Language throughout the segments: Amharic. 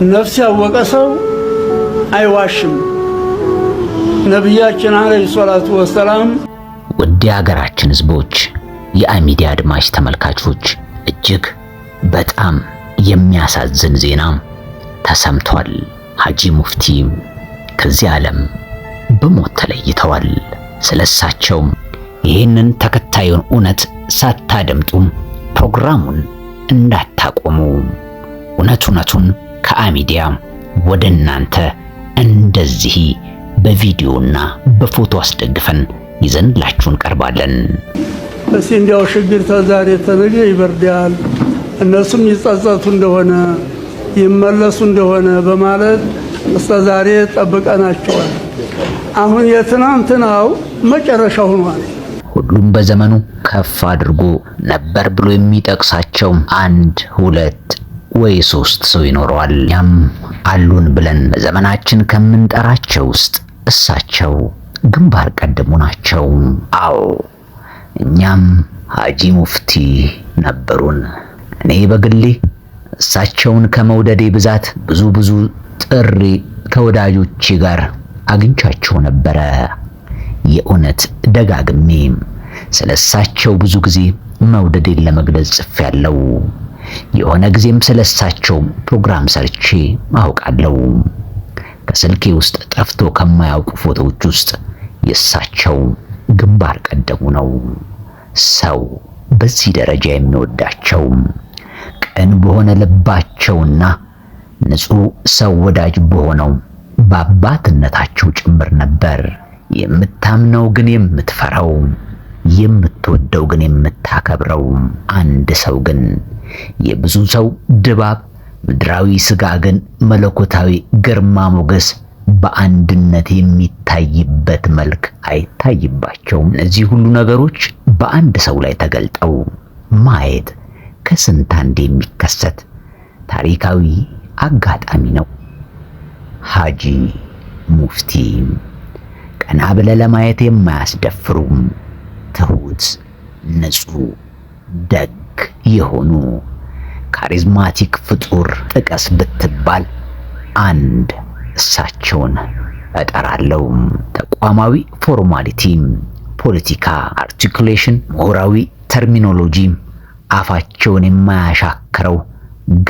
ነፍስ ያወቀ ሰው አይዋሽም። ነቢያችን አለይሂ ሰላቱ ወሰላም። ውድ የሀገራችን ህዝቦች፣ የአሚዲያ አድማጭ ተመልካቾች እጅግ በጣም የሚያሳዝን ዜና ተሰምቷል። ሀጂ ሙፍቲ ከዚህ ዓለም በሞት ተለይተዋል። ስለሳቸውም ይህንን ተከታዩን እውነት ሳታደምጡም ፕሮግራሙን እንዳታቆሙ እውነት እውነቱን ከአሚዲያ ወደ እናንተ እንደዚህ በቪዲዮና በፎቶ አስደግፈን ይዘንላችሁ እንቀርባለን። እስኪ እንዲያው ሽግር ተዛሬ ተነገ ይበርዳል፣ እነሱም ይጸጸቱ እንደሆነ ይመለሱ እንደሆነ በማለት እስከዛሬ ጠብቀናቸዋል። አሁን የትናንትናው መጨረሻ ሆኗል። ሁሉም በዘመኑ ከፍ አድርጎ ነበር ብሎ የሚጠቅሳቸው አንድ ሁለት ወይ ሶስት ሰው ይኖረዋል። እኛም አሉን ብለን በዘመናችን ከምንጠራቸው ውስጥ እሳቸው ግንባር ቀደሙ ናቸው። አዎ እኛም ሀጂ ሙፍቲ ነበሩን። እኔ በግሌ እሳቸውን ከመውደዴ ብዛት ብዙ ብዙ ጥሪ ከወዳጆቼ ጋር አግኝቻቸው ነበረ። የእውነት ደጋግሜ ስለ እሳቸው ብዙ ጊዜ መውደዴን ለመግለጽ ጽፌያለሁ። የሆነ ጊዜም ስለሳቸው ፕሮግራም ሰርቼ አውቃለሁ። ከስልኬ ውስጥ ጠፍቶ ከማያውቁ ፎቶዎች ውስጥ የእሳቸው ግንባር ቀደሙ ነው። ሰው በዚህ ደረጃ የሚወዳቸው ቅን በሆነ ልባቸውና ንጹሕ ሰው ወዳጅ በሆነው በአባትነታቸው ጭምር ነበር የምታምነው ግን የምትፈራው የምትወደው ግን የምታከብረው አንድ ሰው ግን የብዙ ሰው ድባብ ምድራዊ ስጋ ግን መለኮታዊ ግርማ ሞገስ በአንድነት የሚታይበት መልክ አይታይባቸውም። እነዚህ ሁሉ ነገሮች በአንድ ሰው ላይ ተገልጠው ማየት ከስንት አንድ የሚከሰት ታሪካዊ አጋጣሚ ነው። ሐጂ ሙፍቲ ቀና ብለ ለማየት የማያስደፍሩም የተመለከትሁት ንጹሕ ደግ የሆኑ ካሪዝማቲክ ፍጡር ጥቀስ ብትባል አንድ እሳቸውን እጠራለሁ። ተቋማዊ ፎርማሊቲ፣ ፖለቲካ አርቲኩሌሽን፣ ምሁራዊ ተርሚኖሎጂ፣ አፋቸውን የማያሻክረው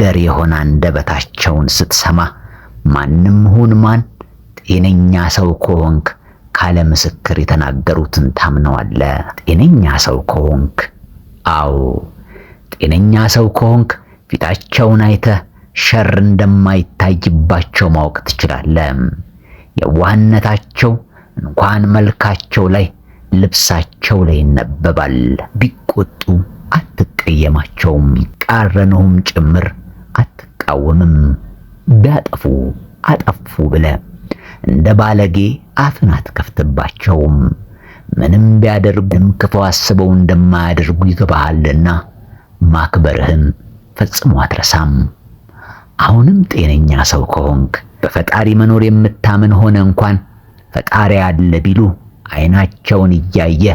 ገር የሆነ አንደበታቸውን ስትሰማ ማንም ሁን ማን ጤነኛ ሰው ከሆንክ ካለ ምስክር የተናገሩትን ታምነዋለ። ጤነኛ ሰው ከሆንክ አዎ፣ ጤነኛ ሰው ከሆንክ ፊታቸውን አይተህ ሸር እንደማይታይባቸው ማወቅ ትችላለህ። የዋህነታቸው እንኳን መልካቸው ላይ ልብሳቸው ላይ ይነበባል። ቢቆጡ አትቀየማቸውም፣ ቢቃረኑህም ጭምር አትቃወምም። ቢያጠፉ አጠፉ ብለህ እንደ ባለጌ አፍን አትከፍትባቸውም። ምንም ቢያደርጉም ክፉ አስበው እንደማያደርጉ ይገባሃልና ማክበርህም ፈጽሞ አትረሳም። አሁንም ጤነኛ ሰው ከሆንክ በፈጣሪ መኖር የምታምን ሆነ እንኳን ፈጣሪ አለ ቢሉ አይናቸውን እያየ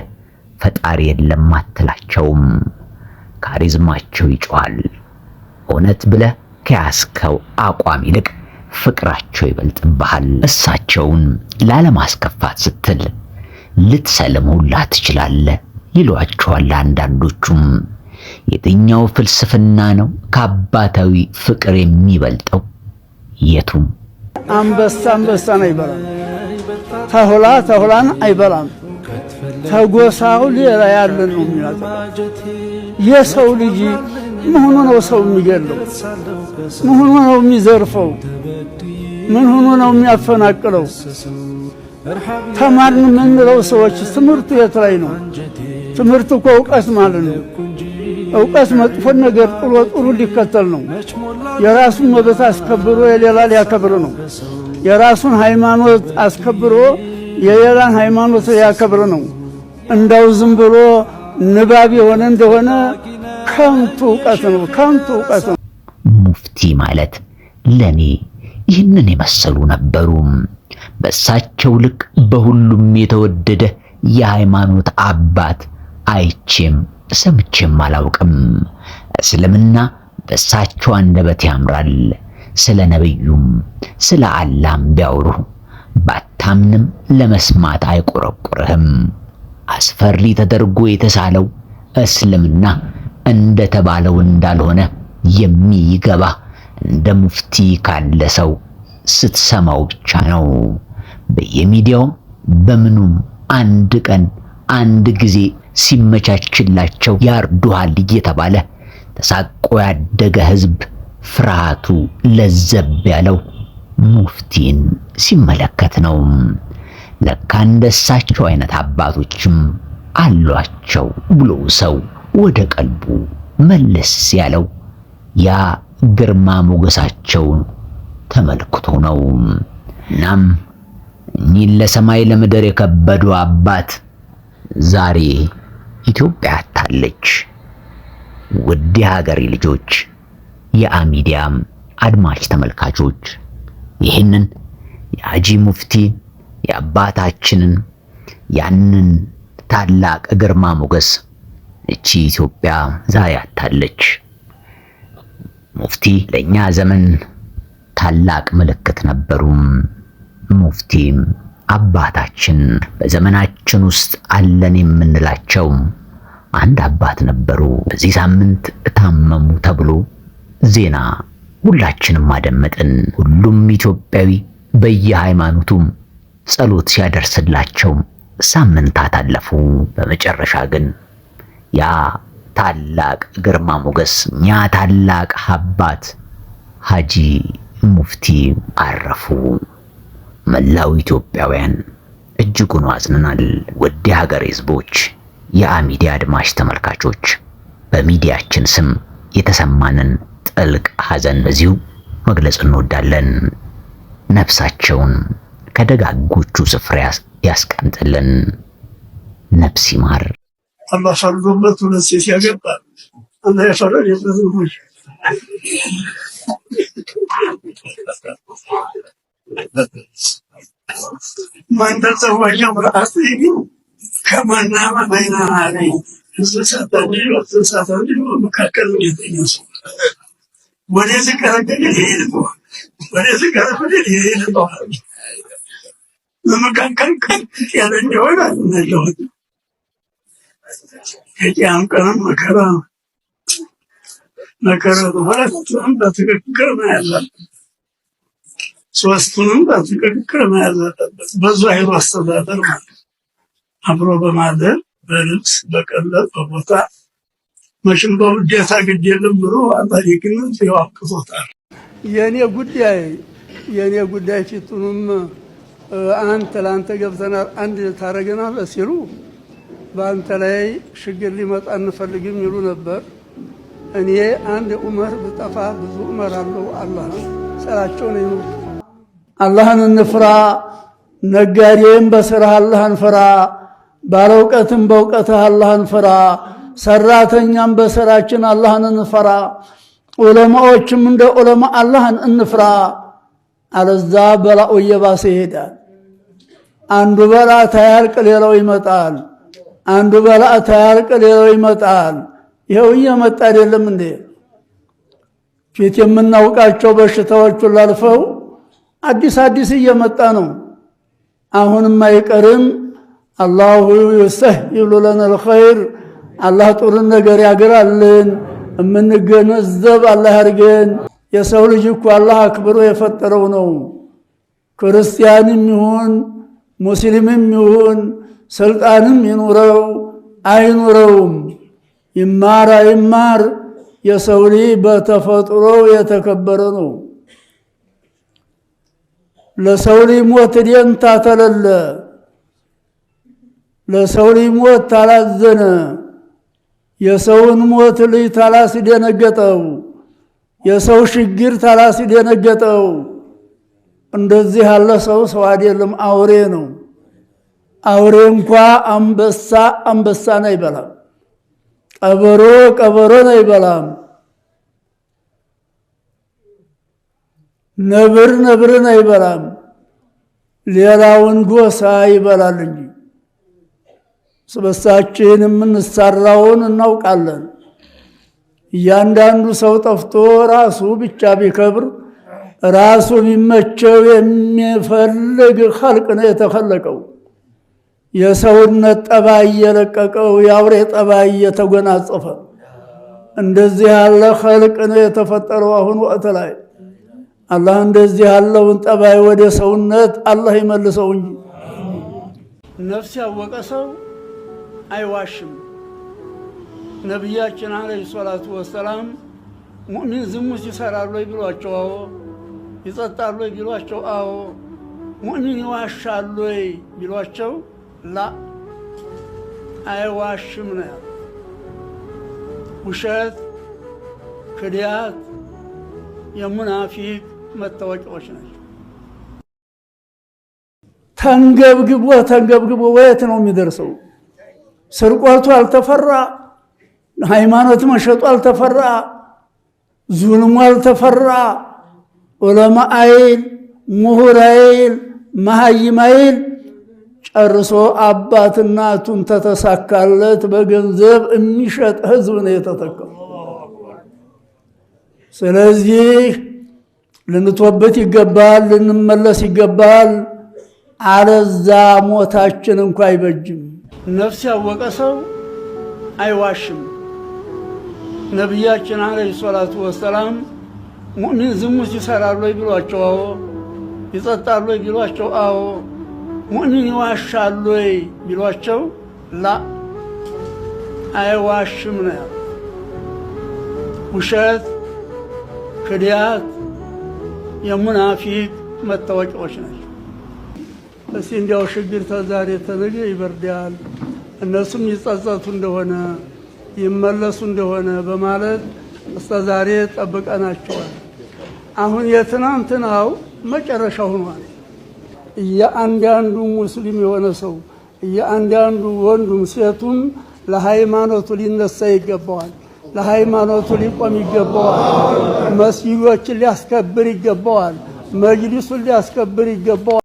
ፈጣሪ የለም አትላቸውም። ካሪዝማቸው ይጮሃል። እውነት ብለህ ከያዝከው አቋም ይልቅ ፍቅራቸው ይበልጥብሃል። እሳቸውን ላለማስከፋት ስትል ልትሰልም ሁላ ይሏቸዋል አንዳንዶቹም። የትኛው ፍልስፍና ነው ከአባታዊ ፍቅር የሚበልጠው? የቱም አንበሳ አንበሳን አይበላም፣ ተሁላ ተሁላን አይበላም። ተጎሳው ሌላ ያለን ነው የሚያጠቃ የሰው ልጅ መሆኑ ነው ሰው የሚገድለው? መሆኑ ነው የሚዘርፈው? ምን ሆኖ ነው የሚያፈናቅለው? ተማርን የምንለው ሰዎች ትምህርቱ የት ላይ ነው? ትምህርት እኮ እውቀት ማለት ነው። እውቀት መጥፎን ነገር ጥሎ ጥሩ ሊከተል ነው። የራሱን መብት አስከብሮ የሌላ ሊያከብር ነው። የራሱን ሃይማኖት አስከብሮ የሌላን ሃይማኖት ሊያከብር ነው። እንዳው ዝም ብሎ ንባብ የሆነ እንደሆነ ከንቱ እውቀት ነው፣ ከንቱ እውቀት ነው። ሙፍቲ ማለት ለኔ ይህንን የመሰሉ ነበሩ። በእሳቸው ልክ በሁሉም የተወደደ የሃይማኖት አባት አይቼም ሰምቼም አላውቅም። እስልምና በእሳቸው አንደበት ያምራል። ስለ ነብዩም ስለ አላም ቢያወሩ ባታምንም ለመስማት አይቆረቆርህም። አስፈሪ ተደርጎ የተሳለው እስልምና እንደተባለው እንዳልሆነ የሚገባ እንደ ሙፍቲ ካለ ሰው ስትሰማው ብቻ ነው። በየሚዲያውም በምኑም አንድ ቀን አንድ ጊዜ ሲመቻችላቸው ያርዱሃል እየተባለ ተሳቆ ያደገ ህዝብ ፍርሃቱ ለዘብ ያለው ሙፍቲን ሲመለከት ነው። ለካ እንደሳቸው አይነት አባቶችም አሏቸው ብሎ ሰው ወደ ቀልቡ መለስ ያለው ያ ግርማ ሞገሳቸውን ተመልክቶ ነው። እናም እኒህን ለሰማይ ለምድር የከበዱ አባት ዛሬ ኢትዮጵያ አታለች። ውድ የሀገሬ ልጆች፣ የአሚዲያም አድማጭ ተመልካቾች ይህንን የሀጂ ሙፍቲ የአባታችንን ያንን ታላቅ ግርማ ሞገስ እቺ ኢትዮጵያ ዛሬ አታለች። ሙፍቲ ለኛ ዘመን ታላቅ ምልክት ነበሩም። ሙፍቲም አባታችን በዘመናችን ውስጥ አለን የምንላቸው አንድ አባት ነበሩ። በዚህ ሳምንት ታመሙ ተብሎ ዜና ሁላችንም አደመጥን። ሁሉም ኢትዮጵያዊ በየሃይማኖቱም ጸሎት ሲያደርስላቸው ሳምንታት አለፉ። በመጨረሻ ግን ያ ታላቅ ግርማ ሞገስ ያ ታላቅ አባት ሀጂ ሙፍቲ አረፉ። መላው ኢትዮጵያውያን እጅጉን አዝነናል። ወደ ሀገር ህዝቦች፣ የአሚዲያ አድማሽ ተመልካቾች በሚዲያችን ስም የተሰማንን ጥልቅ ሀዘን በዚሁ መግለጽ እንወዳለን። ነፍሳቸውን ከደጋጎቹ ስፍራ ያስቀምጥልን። ነፍስ ይማር። አላህ ፈርዶበት ሁለት ሴት ያገባ እና የፈረደበት ልጆች ማን ተዘወጀ ምርአት ከመናማ ላይ መካከል ያለ ያን ቀን መከራ መከራ ሁለቱንም በትክክል መያዝ አለበት። ሶስቱንም በትክክል መያዝ አለበት። አይሮ አስተዳደር ማለት አብሮ በማደር በልብስ በቀለብ በቦታ መቼም በውዴታ ግድ የለም ብሎ አላሪግነት ይዋቅቶታል። የእኔ ጉዳይ የእኔ ጉዳይ ፊቱንም አንተ ለአንተ ገብተናል አንድ ታረገናል ሲሉ በአንተ ላይ ሽግር ሊመጣ እንፈልግም ይሉ ነበር። እኔ አንድ ዑመር ብጠፋ ብዙ ዑመር አለው አላህ ስራቸው ነው። አላህን እንፍራ። ነጋዴም በስራህ አላህን ፍራ። ባለእውቀትም በእውቀትህ አላህን ፍራ። ሰራተኛም በስራችን አላህን እንፈራ። ዑለማዎችም እንደ ዑለማ አላህን እንፍራ። አለዛ በላኡ እየባሰ ይሄዳል። አንዱ በላ ታያልቅ፣ ሌላው ይመጣል። አንዱ በላእተ ያልቅ ሌላው ይመጣል። ይኸው እየመጣ አይደለም እንዴ? ፊት የምናውቃቸው በሽታዎቹን ላልፈው አዲስ አዲስ እየመጣ ነው። አሁንም አይቀርም። አላሁ ይብሉ ለነ ልኸይር አላህ ጥሩን ነገር ያግራልን። እምንገነዘብ አላህ ያርገን። የሰው ልጅ እኮ አላህ አክብሮ የፈጠረው ነው። ክርስቲያንም ይሁን ሙስሊምም ይሁን ስልጣንም ይኑረው አይኑረውም፣ ይማር አይማር፣ የሰው ልጅ በተፈጥሮ የተከበረ ነው። ለሰው ልጅ ሞት ደንታ ተለለ፣ ለሰው ልጅ ሞት ታላዘነ፣ የሰውን ሞት ልጅ ታላስደነገጠው፣ የሰው ሽግር ታላስደነገጠው። እንደዚህ ያለ ሰው ሰው አይደለም፣ አውሬ ነው። አውሬ እንኳ አንበሳ አንበሳን አይበላም። ቀበሮ ቀበሮን አይበላም። ነብር ነብርን አይበላም። ሌላውን ጎሳ ይበላል እንጂ ስበሳችን የምንሰራውን እናውቃለን። እያንዳንዱ ሰው ጠፍቶ ራሱ ብቻ ቢከብር ራሱ ቢመቸው የሚፈልግ ኸልቅ ነው የተኸለቀው። የሰውነት ጠባይ እየለቀቀው የአውሬ ጠባይ እየተጎናጸፈ እንደዚህ ያለ ኸልቅ ነው የተፈጠረው። አሁን ወቅት ላይ አላህ እንደዚህ ያለውን ጠባይ ወደ ሰውነት አላህ ይመልሰው እንጂ ነፍስ ያወቀ ሰው አይዋሽም። ነቢያችን አለይሂ ሰላቱ ወሰላም ሙእሚን ዝሙት ይሰራሉ ቢሏቸው አዎ፣ ይጠጣሉ ቢሏቸው አዎ፣ ሙእሚን ይዋሻሉ ቢሏቸው ላ አይዋሽም ነው ያለው። ውሸት፣ ክድያት የሙናፊቅ መታወቂያዎች ናቸው። ተንገብግቦ ተንገብግቦ ወየት ነው የሚደርሰው? ስርቆቱ አልተፈራ፣ ሃይማኖት መሸጡ አልተፈራ፣ ዙልሙ አልተፈራ። ዑለማ አይል፣ ምሁር አይል፣ መሀይም አይል ጨርሶ አባት እናቱን ተተሳካለት በገንዘብ የሚሸጥ ህዝብ ነው የተተከው። ስለዚህ ልንቶበት ይገባል፣ ልንመለስ ይገባል። አለዛ ሞታችን እንኳ አይበጅም። ነፍስ ያወቀ ሰው አይዋሽም። ነቢያችን አለይሂ ሰላቱ ወሰላም ሙእሚን ዝሙት ይሰራሉ ወይ ቢሏቸው አዎ፣ ይጠጣሉ ወይ ቢሏቸው አዎ ሙን ይዋሻሉ ወይ ቢሏቸው ላ አይዋሽም ነው። ውሸት ክድያት የሙናፊቅ መታወቂያዎች ናቸው። እስቲ እንዲያው ሽግር ተዛሬ ተነገ ይበርዳል፣ እነሱም ይጸጸቱ እንደሆነ ይመለሱ እንደሆነ በማለት እስከዛሬ ጠብቀናቸዋል። አሁን የትናንትናው መጨረሻ ሆኗል። እያንዳንዱ ሙስሊም የሆነ ሰው እያንዳንዱ ወንዱም ሴቱም ለሃይማኖቱ ሊነሳ ይገባዋል። ለሃይማኖቱ ሊቆም ይገባዋል። መስጊዶችን ሊያስከብር ይገባዋል። መጅሊሱን ሊያስከብር ይገባዋል።